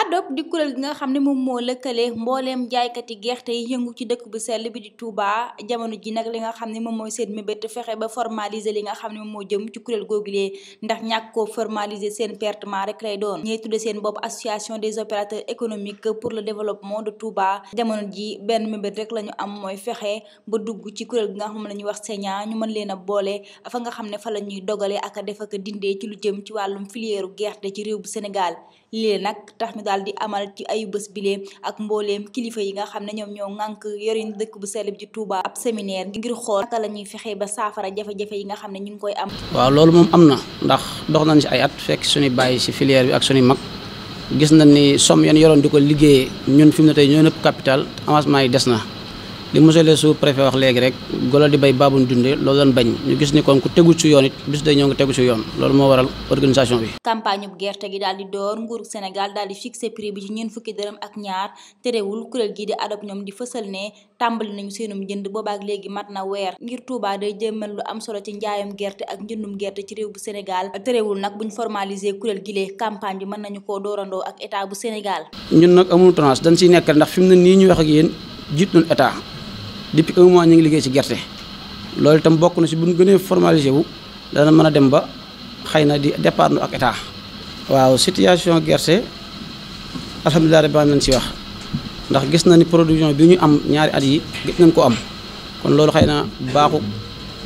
ADOP di kuréel gi nga xam ne moom moo lëkkale mbooleem jaaykati gerte yi yëngu ci dëkk bu sell bi di Touba jamono ji nag li nga xam ne moom mooy seen mébét fexe ba formaliser li nga xam ne moom moo jëm ci kuréel googulee ndax ñàkk koo seen pertement rek lay doon ñuy tudde seen bopp association des opérateurs économiques pour le développement de Touba jamono ji benn mébét rek la ñu am mooy fexe ba dugg ci kuréel gi nga xam ne la ñuy wax seña ñu mën leen a boole fa nga xam ne fa la ñuy dogalee ak def ak dindee ci lu jëm ci wàllum filière gerte ci réew bu Sénégal lii nag tax ñu daal di amal ci ayu bés bile ak mbooleem kilifa yi nga xam ne ñoom ñoo ŋànk yorin dëkk bu sell ji tuubaa ab séminaire ngir xool naka la ñuy fexe ba saafara jafe-jafe yi nga xam ne ñu ngi koy am. waaw loolu moom am na ndax dox nañ si ay at fekk suñu bàyyi si filière bi ak suñu mag gis nañ ni somme yan yoroon di ko liggéeyee ñun fi mu ne tey ñoo nëpp capital avancement yi des na. li monsieur le sous-préfet wax léegi rek golo di bay baabun dunde loolu doon bañ ñu gis ni kon ku tegu ci yoon it bis day ñoo ngi tegu ci yoon loolu moo waral organisation bi campagne bu gerte gi daal di door nguuru Sénégal daal di fixé prix bi ci ñeent fukki dërëm ak ñaar terewul kuréel gi di adop ñoom di fësal ne tàmbali nañu seenum jënd booba ak léegi mat na weer ngir Touba day jëmmal lu am solo ci njaayam gerte ak njëndum gerte ci réew bu Sénégal terewul nag buñ formalisé kuréel gi lee campagne bi mën nañu koo doorandoo ak état bu Sénégal ñun nag amul tranche dañ siy nekk ndax fi mu ne nii ñu wax ak yéen jiit nañ depuis un mois ñu ngi liggéey ci gerte loolu itam bokk na ci bu ñu gënee formalisé wu dana mën a dem ba xëy na di départ ak état. waaw situation gerte alhamdulilah rabbi nañ ci wax ndax gis na ni production bi ñu am ñaari at yi gis nañ ko am kon loolu xëy na baaxu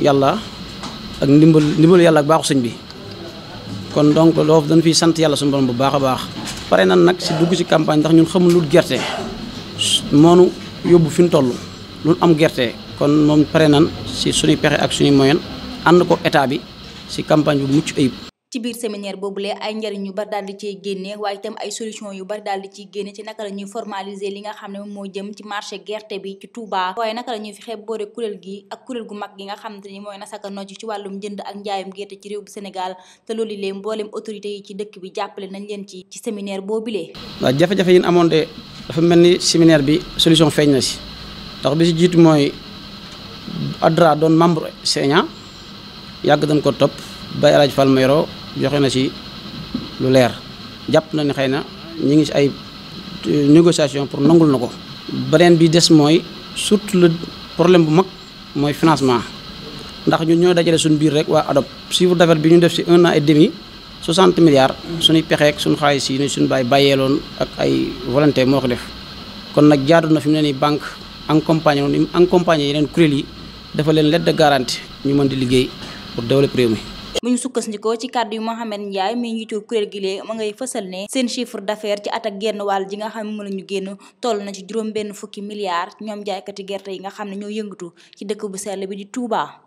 yàlla ak ndimbal ndimbalu yàlla ak baaxu sëñ bi kon donc loolu dañ fiy sant yàlla suñu borom bu baax a baax. pare nan nag si dugg ci campagne ndax ñun xamul lu gerte moonu yóbbu fi ñu toll. lu am gerte kon moom pare nan si suñuy pexe ak suñuy moyen ànd ko état bi si campagne bu mucc ayib. ci biir séminaire boobule ay njariñ yu bari daal di ciy génne waaye itam ay solution yu bari daal di ciy génne ci naka la ñuy formaliser li nga xam ne moo jëm ci marché gerte bi ci Touba. waaye naka la ñuy fexe boore kuréel gi ak kuréel gu mag gi nga xamante ni mooy Nasaka Nocc ci wàllum jënd ak njaayum gerte ci réew bu Sénégal te loolu leen mbooleem autorité yi ci dëkk bi jàppale nañ leen ci ci séminaire boobule. waaw jafe amoon dafa mel ni séminaire bi solution feeñ na si. ndax bi si jiitu mooy ADRA doon membre CENA yàgg dañ ko topp bay El Hadj joxe na ci lu leer jàpp na ne xëy na ñu ngi si ay euh, négociation pour nangul na ko. beneen bi des mooy surtout le problème bu mag mooy financement ndax ñu ñoo dajale suñ biir rek waa ADOP chiffre d'affaires bi ñu def si un an et demi. 60 milliards suñuy pexeek suñu xaalis yi ni suñu bàyyi bàyyeeloon ak ay volonté moo ko def kon nag jaadu na fi mu ne nii banque accompagné ni mu accompagné yeneen kuréel yi dafa leen lettre de garantie ñu mën di liggéey pour développer réew mi. bu ñu sukkandikoo ci kàddu yu Mouhamed Ndiaye mi njiitu kuréel gi lee ma ngay fësal ne seen chiffre d'affaires ci at ak genn wàll ji nga xam ne moom la ñu génn toll na ci juróom benn fukki milliards ñoom jaaykati gerte yi nga xam ne ñoo yëngatu ci dëkk bu sell bi di Touba.